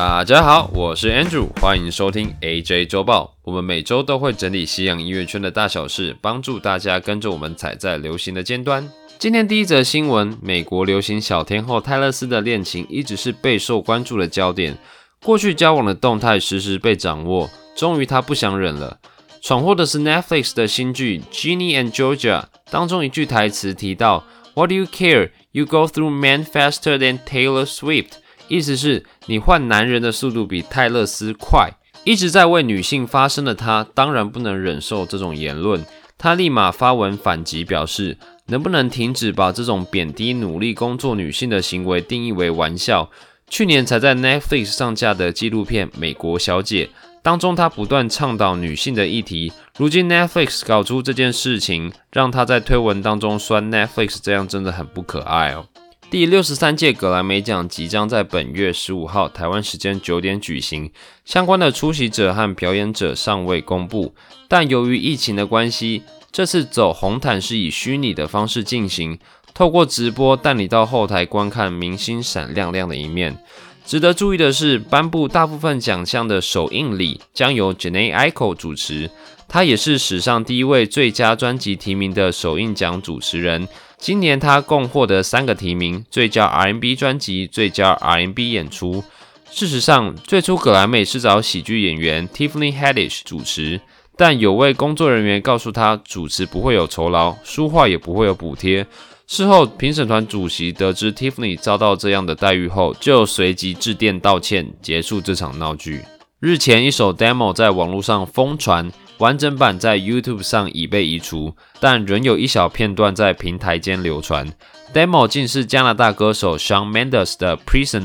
大家好，我是 Andrew，歡迎收聽 AJ 週報。我們每周都會整理西洋音樂圈的大小事，幫助大家跟着我們踩在流行的尖端。今天第一則新聞，美國流行小天后泰勒絲的戀情一直是備受關注的焦點，過去交往的動態時時被掌握。終於，他不想忍了。闖禍的是 Netflix 的新劇《Genie and Georgia》當中一句台詞提到：“What do you care? You go through men faster than Taylor Swift。”意思是，你換男人的速度比泰勒絲快。一直在為女性發聲的他，當然不能忍受這種言論。他立馬發文反擊，表示能不能停止把這種貶低努力工作女性的行為定義為玩笑？去年才在 Netflix 上架的紀錄片《美國小姐》當中，他不斷倡導女性的議題。如今 Netflix 搞出這件事情，讓他在推文當中酸 Netflix，這樣真的很不可愛哦。第六十三屆葛萊美獎即將在本月十五號台灣時間九點舉行，相關的出席者和表演者尚未公布，但由於疫情的關係，這次走紅毯是以虛擬的方式進行。透過直播帶你到後台觀看明星閃亮亮的一面。值得注意的是，頒布大部分獎項的首映禮將由 Jhené Aiko 主持，他也是史上第一位最佳專輯提名的首映獎主持人。今年他共獲得三個提名：最佳 R&B 專輯、最佳 R&B 演出。事實上，最初葛萊美是找喜劇演員 Tiffany Haddish 主持。但有位工作人員告訴他，主持不會有酬勞，書畫也不會有補貼。事後，評審團主席得知 Tiffany 遭到這樣的待遇後，就隨即致電道歉，結束這場鬧劇。日前，一首 demo 在網絡上瘋傳，完整版在 YouTube 上已被移除，但仍有一小片段在平台間流傳。demo 竟是加拿大歌手 Shawn Mendes 的《Prisoner》。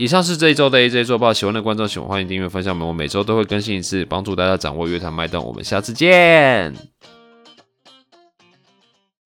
以上是這一周的 AJ 週報，喜歡的觀眾請歡、歡迎訂閱分享們，我們每周都會更新一次，幫助大家掌握樂壇脈動。我們下次見。